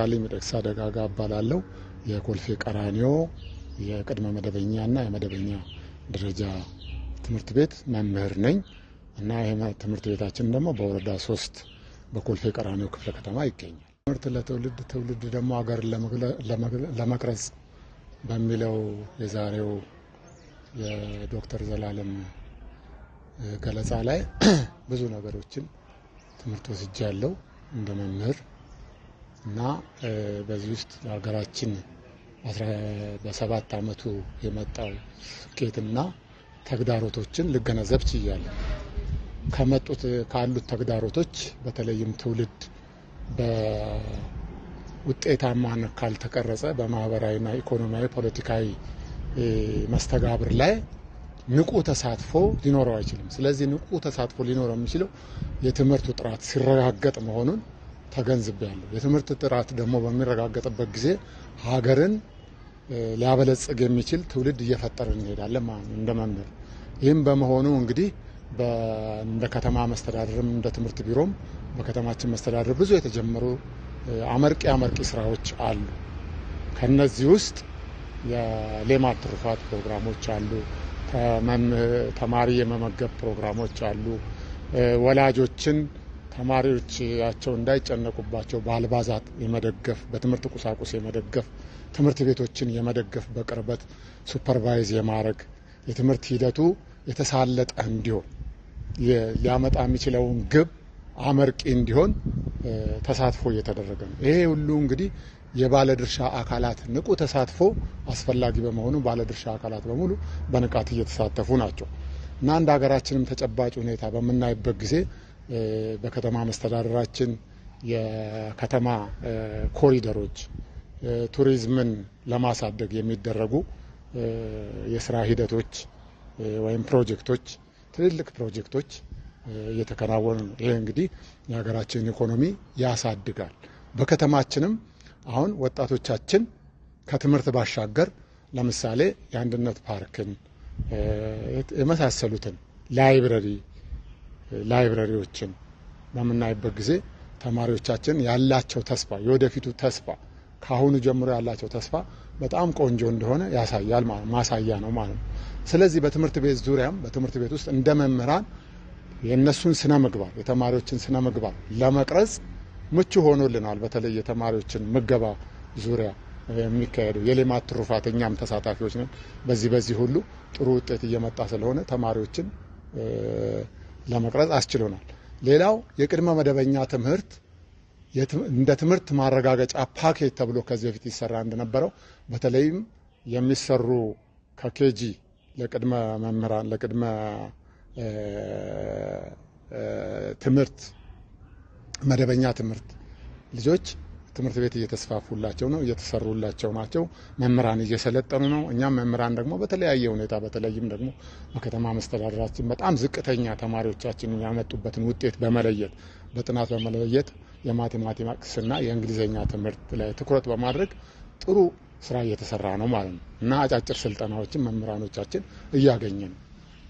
ተካልኝ ሚደቅሳ ደጋጋ እባላለሁ። የኮልፌ ቀራኒዮ የቅድመ መደበኛና የመደበኛ ደረጃ ትምህርት ቤት መምህር ነኝ እና ይህ ትምህርት ቤታችን ደግሞ በወረዳ ሶስት በኮልፌ ቀራኒዮ ክፍለ ከተማ ይገኛል። ትምህርት ለትውልድ ትውልድ ደግሞ ሀገር ለመቅረጽ በሚለው የዛሬው የዶክተር ዘላለም ገለጻ ላይ ብዙ ነገሮችን ትምህርት ወስጃለሁ እንደ መምህር እና በዚህ ውስጥ ሀገራችን በሰባት አመቱ የመጣው ስኬትና ተግዳሮቶችን ልገነዘብ ችያለሁ። ከመጡት ካሉት ተግዳሮቶች በተለይም ትውልድ በውጤታማነት ካልተቀረጸ በማህበራዊና ኢኮኖሚያዊ፣ ፖለቲካዊ መስተጋብር ላይ ንቁ ተሳትፎ ሊኖረው አይችልም። ስለዚህ ንቁ ተሳትፎ ሊኖረው የሚችለው የትምህርቱ ጥራት ሲረጋገጥ መሆኑን ተገንዝቤያለሁ። የትምህርት ጥራት ደግሞ በሚረጋገጥበት ጊዜ ሀገርን ሊያበለጽግ የሚችል ትውልድ እየፈጠር እንሄዳለን ማለት ነው እንደ መምህር። ይህም በመሆኑ እንግዲህ እንደ ከተማ መስተዳደርም እንደ ትምህርት ቢሮም በከተማችን መስተዳድር ብዙ የተጀመሩ አመርቂ አመርቂ ስራዎች አሉ። ከነዚህ ውስጥ የሌማት ትሩፋት ፕሮግራሞች አሉ። ተማሪ የመመገብ ፕሮግራሞች አሉ። ወላጆችን ተማሪዎቻቸው እንዳይጨነቁባቸው በአልባዛት የመደገፍ በትምህርት ቁሳቁስ የመደገፍ ትምህርት ቤቶችን የመደገፍ በቅርበት ሱፐርቫይዝ የማድረግ የትምህርት ሂደቱ የተሳለጠ እንዲሆን ሊያመጣ የሚችለውን ግብ አመርቂ እንዲሆን ተሳትፎ እየተደረገ ነው። ይሄ ሁሉ እንግዲህ የባለድርሻ አካላት ንቁ ተሳትፎ አስፈላጊ በመሆኑ ባለድርሻ አካላት በሙሉ በንቃት እየተሳተፉ ናቸው እና እንደ ሀገራችንም ተጨባጭ ሁኔታ በምናይበት ጊዜ በከተማ መስተዳደራችን የከተማ ኮሪደሮች ቱሪዝምን ለማሳደግ የሚደረጉ የስራ ሂደቶች ወይም ፕሮጀክቶች፣ ትልልቅ ፕሮጀክቶች እየተከናወኑ ነው። ይህ እንግዲህ የሀገራችንን ኢኮኖሚ ያሳድጋል። በከተማችንም አሁን ወጣቶቻችን ከትምህርት ባሻገር ለምሳሌ የአንድነት ፓርክን የመሳሰሉትን ላይብረሪ ላይብረሪዎችን በምናይበት ጊዜ ተማሪዎቻችን ያላቸው ተስፋ የወደፊቱ ተስፋ ከአሁኑ ጀምሮ ያላቸው ተስፋ በጣም ቆንጆ እንደሆነ ያሳያል፣ ማሳያ ነው ማለት ነው። ስለዚህ በትምህርት ቤት ዙሪያም በትምህርት ቤት ውስጥ እንደ መምህራን የእነሱን ስነ ምግባር የተማሪዎችን ስነ ምግባር ለመቅረጽ ምቹ ሆኖልናል። በተለይ የተማሪዎችን ምገባ ዙሪያ የሚካሄደው የሌማት ትሩፋት እኛም ተሳታፊዎች ነን። በዚህ በዚህ ሁሉ ጥሩ ውጤት እየመጣ ስለሆነ ተማሪዎችን ለመቅረጽ አስችሎናል። ሌላው የቅድመ መደበኛ ትምህርት እንደ ትምህርት ማረጋገጫ ፓኬጅ ተብሎ ከዚህ በፊት ይሰራ እንደነበረው በተለይም የሚሰሩ ከኬጂ ለቅድመ መምህራን ለቅድመ ትምህርት መደበኛ ትምህርት ልጆች ትምህርት ቤት እየተስፋፉላቸው ነው፣ እየተሰሩላቸው ናቸው። መምህራን እየሰለጠኑ ነው። እኛም መምህራን ደግሞ በተለያየ ሁኔታ በተለይም ደግሞ በከተማ መስተዳደራችን በጣም ዝቅተኛ ተማሪዎቻችን ያመጡበትን ውጤት በመለየት በጥናት በመለየት የማቴማቲክስና የእንግሊዝኛ ትምህርት ላይ ትኩረት በማድረግ ጥሩ ስራ እየተሰራ ነው ማለት ነው እና አጫጭር ስልጠናዎችን መምህራኖቻችን እያገኘ ነው።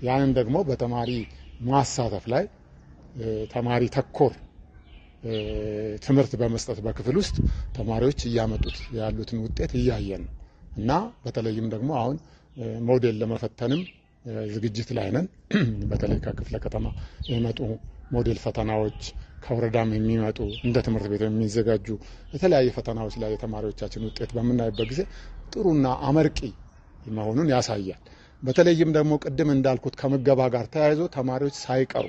ያንን ደግሞ በተማሪ ማሳተፍ ላይ ተማሪ ተኮር ትምህርት በመስጠት በክፍል ውስጥ ተማሪዎች እያመጡት ያሉትን ውጤት እያየን ነው እና በተለይም ደግሞ አሁን ሞዴል ለመፈተንም ዝግጅት ላይ ነን። በተለይ ከክፍለ ከተማ የመጡ ሞዴል ፈተናዎች ከወረዳም የሚመጡ እንደ ትምህርት ቤት የሚዘጋጁ የተለያየ ፈተናዎች ላይ የተማሪዎቻችን ውጤት በምናይበት ጊዜ ጥሩና አመርቂ መሆኑን ያሳያል። በተለይም ደግሞ ቅድም እንዳልኩት ከምገባ ጋር ተያይዞ ተማሪዎች ሳይቀሩ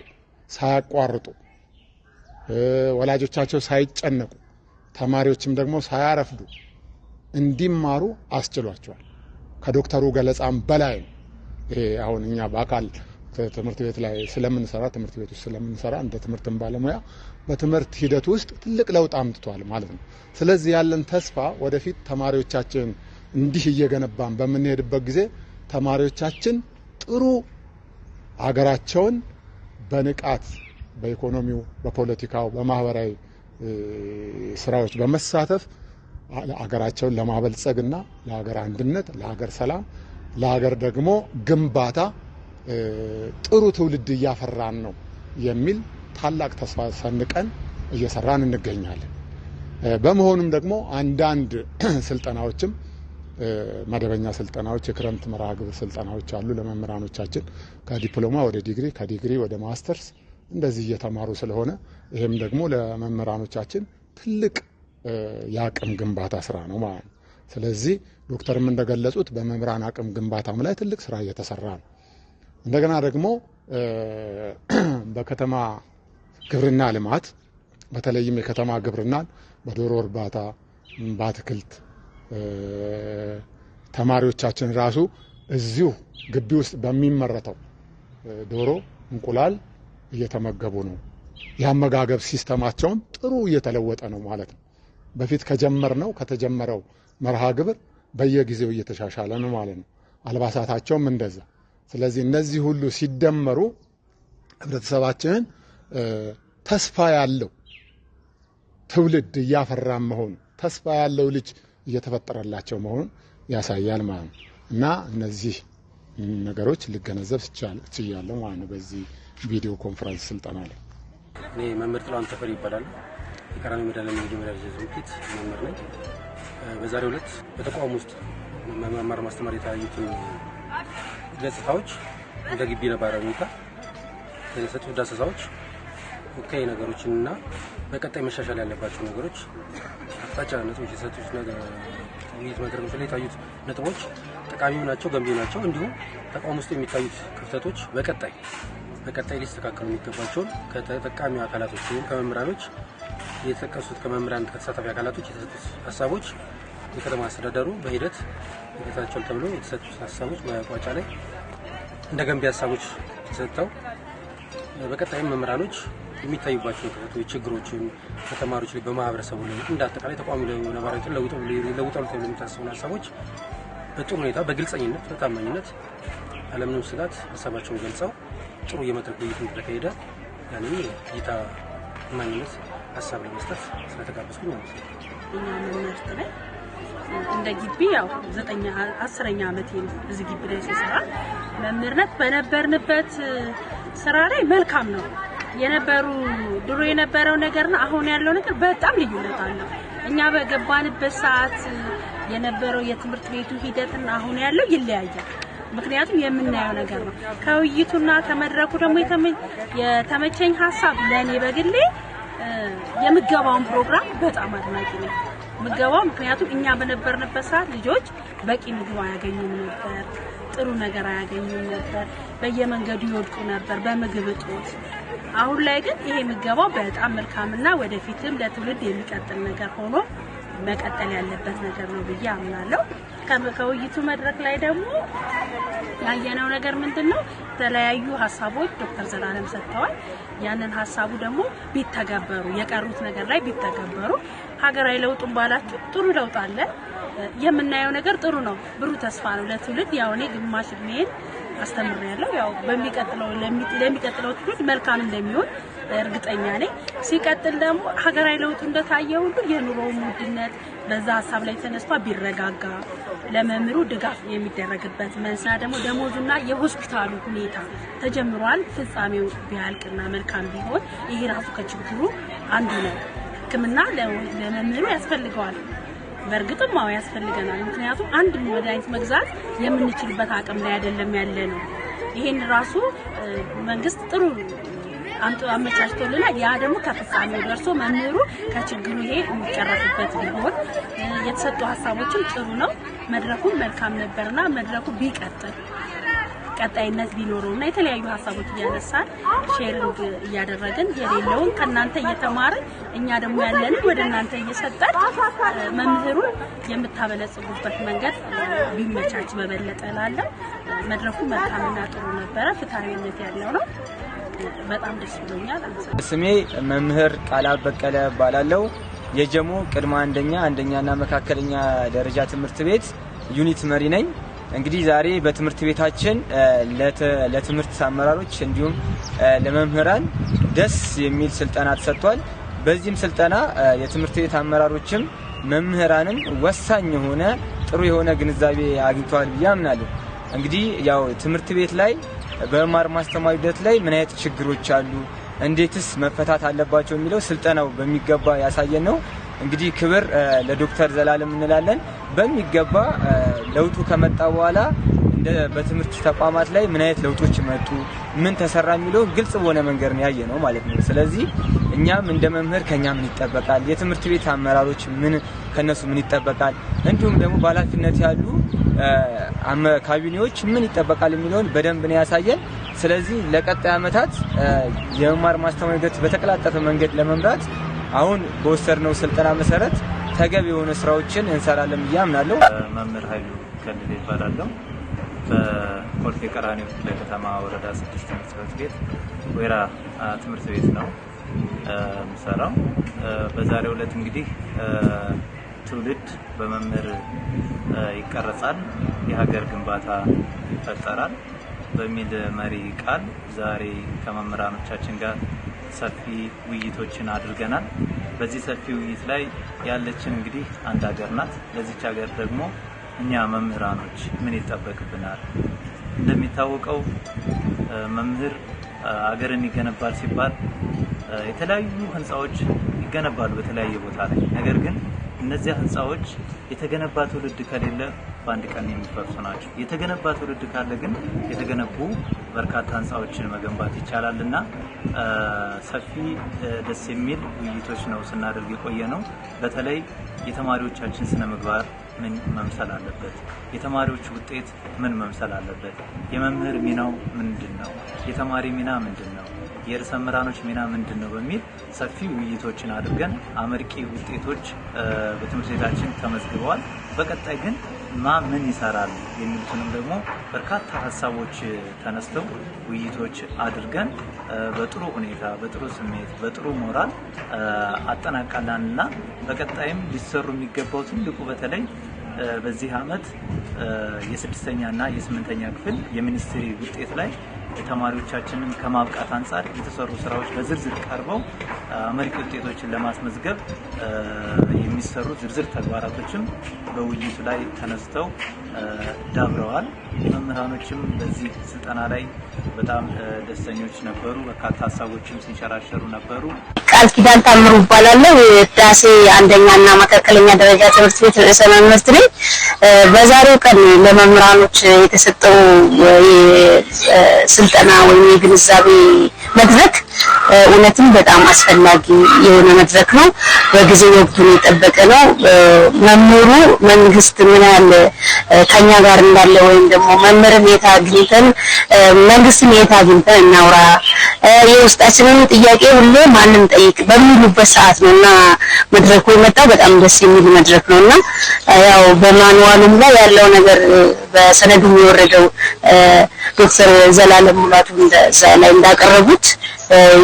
ሳያቋርጡ ወላጆቻቸው ሳይጨነቁ ተማሪዎችም ደግሞ ሳያረፍዱ እንዲማሩ አስችሏቸዋል። ከዶክተሩ ገለጻም በላይ ነው። ይሄ አሁን እኛ በአካል ትምህርት ቤት ላይ ስለምንሰራ ትምህርት ቤት ውስጥ ስለምንሰራ እንደ ትምህርትን ባለሙያ በትምህርት ሂደት ውስጥ ትልቅ ለውጥ አምጥቷል ማለት ነው። ስለዚህ ያለን ተስፋ ወደፊት ተማሪዎቻችን እንዲህ እየገነባን በምንሄድበት ጊዜ ተማሪዎቻችን ጥሩ አገራቸውን በንቃት በኢኮኖሚው፣ በፖለቲካው፣ በማህበራዊ ስራዎች በመሳተፍ አገራቸውን ለማበልጸግና ለሀገር አንድነት፣ ለሀገር ሰላም፣ ለሀገር ደግሞ ግንባታ ጥሩ ትውልድ እያፈራን ነው የሚል ታላቅ ተስፋ ሰንቀን እየሰራን እንገኛለን። በመሆኑም ደግሞ አንዳንድ ስልጠናዎችም መደበኛ ስልጠናዎች፣ የክረምት መርሃ ግብር ስልጠናዎች አሉ ለመምህራኖቻችን ከዲፕሎማ ወደ ዲግሪ፣ ከዲግሪ ወደ ማስተርስ እንደዚህ እየተማሩ ስለሆነ ይህም ደግሞ ለመምህራኖቻችን ትልቅ የአቅም ግንባታ ስራ ነው ማለት ነው። ስለዚህ ዶክተርም እንደገለጹት በመምህራን አቅም ግንባታም ላይ ትልቅ ስራ እየተሰራ ነው። እንደገና ደግሞ በከተማ ግብርና ልማት በተለይም የከተማ ግብርናን በዶሮ እርባታ፣ በአትክልት ተማሪዎቻችን ራሱ እዚሁ ግቢ ውስጥ በሚመረተው ዶሮ፣ እንቁላል እየተመገቡ ነው። የአመጋገብ ሲስተማቸውም ጥሩ እየተለወጠ ነው ማለት ነው። በፊት ከጀመር ነው ከተጀመረው መርሃ ግብር በየጊዜው እየተሻሻለ ነው ማለት ነው። አልባሳታቸውም እንደዛ። ስለዚህ እነዚህ ሁሉ ሲደመሩ ህብረተሰባችንን ተስፋ ያለው ትውልድ እያፈራ መሆኑ ተስፋ ያለው ልጅ እየተፈጠረላቸው መሆኑን ያሳያል ማለት ነው እና እነዚህ ነገሮች ልገነዘብ ችያለሁ ማለት ነው በዚህ ቪዲዮ ኮንፈረንስ ስልጠና ላይ እኔ መምህር ጥላሁን ተፈሪ ይባላል። የቀራኒ መድኃኔዓለም የመጀመሪያ ደረጃ ትምህርት ቤት መምህር ነኝ። በዛሬው ዕለት በተቋም ውስጥ መማር ማስተማር የተለያዩትን ገጽታዎች እንደ ግቢ ነባራዊ ሁኔታ የተሰጡ ዳሰሳዎች ወቅታዊ ነገሮችን እና በቀጣይ መሻሻል ያለባቸው ነገሮች አቅጣጫ ነጥቦች የተሰጡት ውይይት መድረኮች ላይ የታዩት ነጥቦች ጠቃሚ ናቸው፣ ገንቢ ናቸው። እንዲሁም ተቋም ውስጥ የሚታዩት ክፍተቶች በቀጣይ በቀጣይ ሊስተካከሉ የሚገባቸውን ከተጠቃሚ አካላቶች ወይም ከመምህራኖች የተጠቀሱት ከመምህራን ከተሳታፊ አካላቶች የተሰጡት ሀሳቦች የከተማ አስተዳደሩ በሂደት ይገታቸዋል ተብሎ የተሰጡት ሀሳቦች በቋጫ ላይ እንደ ገንቢ ሀሳቦች ተሰጥተው በቀጣይም መምህራኖች የሚታዩባቸው ክፍተቶች፣ ችግሮች በተማሪዎች ላይ በማህበረሰቡ ላይ እንደ አጠቃላይ ተቋሚ ነባሪዎች ለውጠሉ ተብሎ የሚታሰቡ ሀሳቦች በጥሩ ሁኔታ በግልጸኝነት በታማኝነት አለምንም ስጋት ሀሳባቸውን ገልጸው ጥሩ የመድረክ ውይይት እንደተካሄደ ያኔ እይታ ማንነት ሀሳብ ለመስጠት ስለተጋበዝኩኝ ማለት ነው። እኛ ምንመርጥ ላይ እንደ ግቢ ያው ዘጠኛ አስረኛ ዓመት እዚህ ግቢ ላይ ሲሰራ መምህርነት በነበርንበት ስራ ላይ መልካም ነው የነበሩ ድሮ የነበረው ነገርና አሁን ያለው ነገር በጣም ልዩነት አለው። እኛ በገባንበት ሰዓት የነበረው የትምህርት ቤቱ ሂደትና አሁን ያለው ይለያያል። ምክንያቱም የምናየው ነገር ነው። ከውይይቱና ከመድረኩ ደግሞ የተመቸኝ ሀሳብ ለእኔ በግሌ የምገባውን ፕሮግራም በጣም አድናቂ ነው። ምገባው ምክንያቱም እኛ በነበርንበት ሰዓት ልጆች በቂ ምግብ አያገኙም ነበር፣ ጥሩ ነገር አያገኙም ነበር፣ በየመንገዱ ይወድቁ ነበር በምግብ እጦት። አሁን ላይ ግን ይሄ ምገባው በጣም መልካምና ወደፊትም ለትውልድ የሚቀጥል ነገር ሆኖ መቀጠል ያለበት ነገር ነው ብዬ አምናለሁ። ከውይይቱ መድረክ ላይ ደግሞ ያየነው ነገር ምንድን ነው? የተለያዩ ሀሳቦች ዶክተር ዘላለም ሰጥተዋል። ያንን ሀሳቡ ደግሞ ቢተገበሩ የቀሩት ነገር ላይ ቢተገበሩ ሀገራዊ ለውጡን ባላችሁ ጥሩ ለውጥ አለ። የምናየው ነገር ጥሩ ነው፣ ብሩ ተስፋ ነው ለትውልድ። ያው እኔ ግማሽ እድሜን ያለው ያው በሚቀጥለው ለሚቀጥለው ትውልድ መልካም እንደሚሆን እርግጠኛ ነኝ። ሲቀጥል ደግሞ ሀገራዊ ለውጡ እንደታየ ሁሉ የኑሮው ውድነት በዛ ሀሳብ ላይ ተነስቷ ቢረጋጋ ለመምህሩ ድጋፍ የሚደረግበት መንስና ደግሞ ደሞዙና የሆስፒታሉ ሁኔታ ተጀምሯል። ፍጻሜው ቢያልቅና መልካም ቢሆን ይሄ ራሱ ከችግሩ አንዱ ነው። ሕክምና ለመምህሩ ያስፈልገዋል። በእርግጥም አዎ ያስፈልገናል። ምክንያቱም አንድ መድኃኒት መግዛት የምንችልበት አቅም ላይ አይደለም ያለ ነው። ይሄን ራሱ መንግስት ጥሩ አመቻችቶልናል። ያ ደግሞ ከፍጻሜው ደርሶ መምህሩ ከችግሩ ይሄ የሚቀረፍበት ቢሆን የተሰጡ ሀሳቦችም ጥሩ ነው። መድረኩ መልካም ነበርና መድረኩ ቢቀጥል ቀጣይነት ቢኖረው እና የተለያዩ ሀሳቦች እያነሳን ሼሪንግ እያደረግን የሌለውን ከእናንተ እየተማርን እኛ ደግሞ ያለንን ወደ እናንተ እየሰጠን መምህሩን የምታበለጽጉበት መንገድ ቢመቻች በበለጠ ላለው መድረኩ መልካምና ጥሩ ነበረ። ፍትሐዊነት ያለው ነው። በጣም ደስ ብሎኛል። ስሜ መምህር ቃላብ በቀለ እባላለሁ። የጀሞ ቅድመ አንደኛ አንደኛና መካከለኛ ደረጃ ትምህርት ቤት ዩኒት መሪ ነኝ። እንግዲህ ዛሬ በትምህርት ቤታችን ለትምህርት አመራሮች እንዲሁም ለመምህራን ደስ የሚል ስልጠና ተሰጥቷል። በዚህም ስልጠና የትምህርት ቤት አመራሮችም መምህራንም ወሳኝ የሆነ ጥሩ የሆነ ግንዛቤ አግኝተዋል ብዬ አምናለሁ። እንግዲህ ያው ትምህርት ቤት ላይ በመማር ማስተማር ሂደት ላይ ምን አይነት ችግሮች አሉ፣ እንዴትስ መፈታት አለባቸው የሚለው ስልጠናው በሚገባ ያሳየን ነው። እንግዲህ ክብር ለዶክተር ዘላለም እንላለን። በሚገባ ለውጡ ከመጣ በኋላ በትምህርት ተቋማት ላይ ምን አይነት ለውጦች መጡ፣ ምን ተሰራ የሚለው ግልጽ በሆነ መንገድ ነው ያየ ነው ማለት ነው። ስለዚህ እኛም እንደ መምህር ከኛ ምን ይጠበቃል፣ የትምህርት ቤት አመራሮች ምን ከነሱ ምን ይጠበቃል፣ እንዲሁም ደግሞ በኃላፊነት ያሉ ካቢኔዎች ምን ይጠበቃል የሚለውን በደንብ ነው ያሳየን። ስለዚህ ለቀጣይ ዓመታት የመማር ማስተማር ሂደት በተቀላጠፈ መንገድ ለመምራት አሁን በወሰድነው ስልጠና መሰረት ተገቢ የሆነ ስራዎችን እንሰራለን ብዬ አምናለሁ። መምህር ኃይሉ ከልል ይባላለሁ። በኮልፌ ቀራኒዮ ክፍለ ከተማ ወረዳ ስድስት ትምህርት ቤት ወይራ ትምህርት ቤት ነው የምሰራው። በዛሬው ዕለት እንግዲህ ትውልድ በመምህር ይቀረጻል፣ የሀገር ግንባታ ይፈጠራል በሚል መሪ ቃል ዛሬ ከመምህራኖቻችን ጋር ሰፊ ውይይቶችን አድርገናል። በዚህ ሰፊ ውይይት ላይ ያለችን እንግዲህ አንድ ሀገር ናት። ለዚች ሀገር ደግሞ እኛ መምህራኖች ምን ይጠበቅብናል? እንደሚታወቀው መምህር ሀገርን ይገነባል ሲባል የተለያዩ ህንፃዎች ይገነባሉ በተለያየ ቦታ ላይ። ነገር ግን እነዚያ ህንፃዎች የተገነባ ትውልድ ከሌለ በአንድ ቀን የሚፈርሱ ናቸው። የተገነባ ትውልድ ካለ ግን የተገነቡ በርካታ ህንፃዎችን መገንባት ይቻላል እና ሰፊ ደስ የሚል ውይይቶች ነው ስናደርግ የቆየ ነው። በተለይ የተማሪዎቻችን ስነ ምግባር ምን መምሰል አለበት? የተማሪዎች ውጤት ምን መምሰል አለበት? የመምህር ሚናው ምንድን ነው? የተማሪ ሚና ምንድን ነው? የርዕሰ መምህራኖች ሚና ምንድን ነው? በሚል ሰፊ ውይይቶችን አድርገን አመርቂ ውጤቶች በትምህርት ቤታችን ተመዝግበዋል። በቀጣይ ግን ማ ምን ይሰራል የሚሉትንም ደግሞ በርካታ ሀሳቦች ተነስተው ውይይቶች አድርገን በጥሩ ሁኔታ በጥሩ ስሜት በጥሩ ሞራል አጠናቃላንና በቀጣይም ሊሰሩ የሚገባው ትልቁ በተለይ በዚህ ዓመት የስድስተኛና የስምንተኛ ክፍል የሚኒስትሪ ውጤት ላይ ተማሪዎቻችንን ከማብቃት አንጻር የተሰሩ ስራዎች በዝርዝር ቀርበው አመርቂ ውጤቶችን ለማስመዝገብ የሚሰሩ ዝርዝር ተግባራቶችም በውይይቱ ላይ ተነስተው ዳብረዋል። መምህራኖችም በዚህ ስልጠና ላይ በጣም ደስተኞች ነበሩ። በርካታ ሀሳቦችም ሲንሸራሸሩ ነበሩ። ቃል ኪዳን ታምሩ እባላለሁ። አንደኛ አንደኛና መካከለኛ ደረጃ ትምህርት ቤት ርዕሰ መምህርት ነኝ። በዛሬው ቀን ለመምህራኖች የተሰጠው ስልጠና ወይም የግንዛቤ መድረክ እውነትም በጣም አስፈላጊ የሆነ መድረክ ነው። በጊዜ ወቅቱን የጠበቀ ነው። መምህሩ መንግስት ምን ያህል ከኛ ጋር እንዳለ ወይም ደግሞ መምህርን የት አግኝተን መንግስትን የት አግኝተን እናውራ የውስጣችንን ጥያቄ ሁሌ ማንም ጠይቅ በሚሉበት ሰዓት ነው እና መድረኩ የመጣው በጣም ደስ የሚል መድረክ ነው እና ያው በማንዋሉም ላይ ያለው ነገር በሰነዱ የወረደው ዶክተር ዘላለም ሙላቱ እንደዛ ላይ እንዳቀረቡት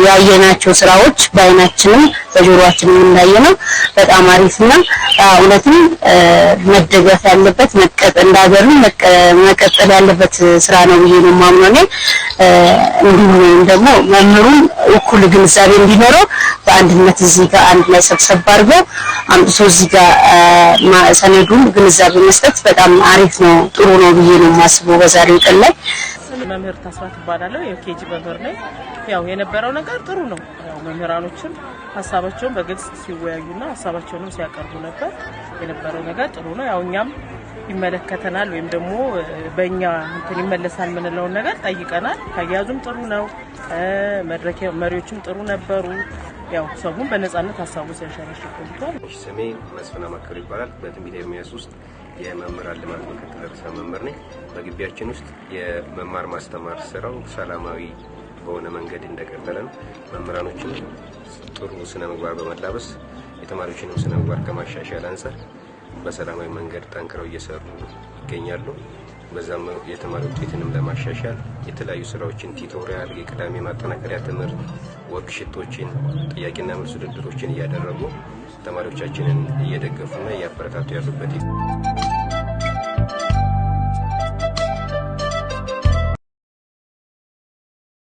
ያየናቸው ስራዎች በአይናችንም በጆሮአችንም እንዳየነው በጣም አሪፍና እውነትም መደገፍ ያለበት መቀጠል እንዳገሩ መቀጠል ያለበት ስራ ነው ብዬ ነው የማምነው። እንዲሆን ወይም ደግሞ መምህሩም እኩል ግንዛቤ እንዲኖረው በአንድነት እዚህ ጋር አንድ ላይ ሰብሰብ አድርገው አምጥቶ እዚህ ጋር ሰነዱን ግንዛቤ መስጠት በጣም አሪፍ ነው፣ ጥሩ ነው ብዬ ነው የማስበው በዛሬው ቀን ላይ። መምህር ታስራት ይባላለሁ። የኬጂ መምህር ነኝ። ያው የነበረው ነገር ጥሩ ነው። ያው መምህራኖችን ሀሳባቸውን በግልጽ ሲወያዩና ሀሳባቸውንም ሲያቀርቡ ነበር። የነበረው ነገር ጥሩ ነው። ያው እኛም ይመለከተናል ወይም ደግሞ በእኛ እንትን ይመለሳል የምንለውን ነገር ጠይቀናል። አያያዙም ጥሩ ነው። መድረክ መሪዎችም ጥሩ ነበሩ። ያው ሰውም በነጻነት ሀሳቡ ሲያሸረሽር ቆይቷል። ስሜ መስፍና አማካሪ ይባላል። በትንቢተ ኤርምያስ ውስጥ የመምህራን ልማት ምክትል ርዕሰ መምህር ነኝ። በግቢያችን ውስጥ የመማር ማስተማር ስራው ሰላማዊ በሆነ መንገድ እንደቀጠለ ነው። መምህራኖችን ጥሩ ስነ ምግባር በመላበስ የተማሪዎችንም ስነ ምግባር ከማሻሻል አንጻር በሰላማዊ መንገድ ጠንክረው እየሰሩ ይገኛሉ። በዛም የተማሪ ውጤትንም ለማሻሻል የተለያዩ ስራዎችን፣ ቲቶሪያል፣ የቅዳሜ ማጠናከሪያ ትምህርት፣ ወርክሽቶችን፣ ጥያቄና መልስ ውድድሮችን እያደረጉ ተማሪዎቻችንን እየደገፉና እያበረታቱ ያሉበት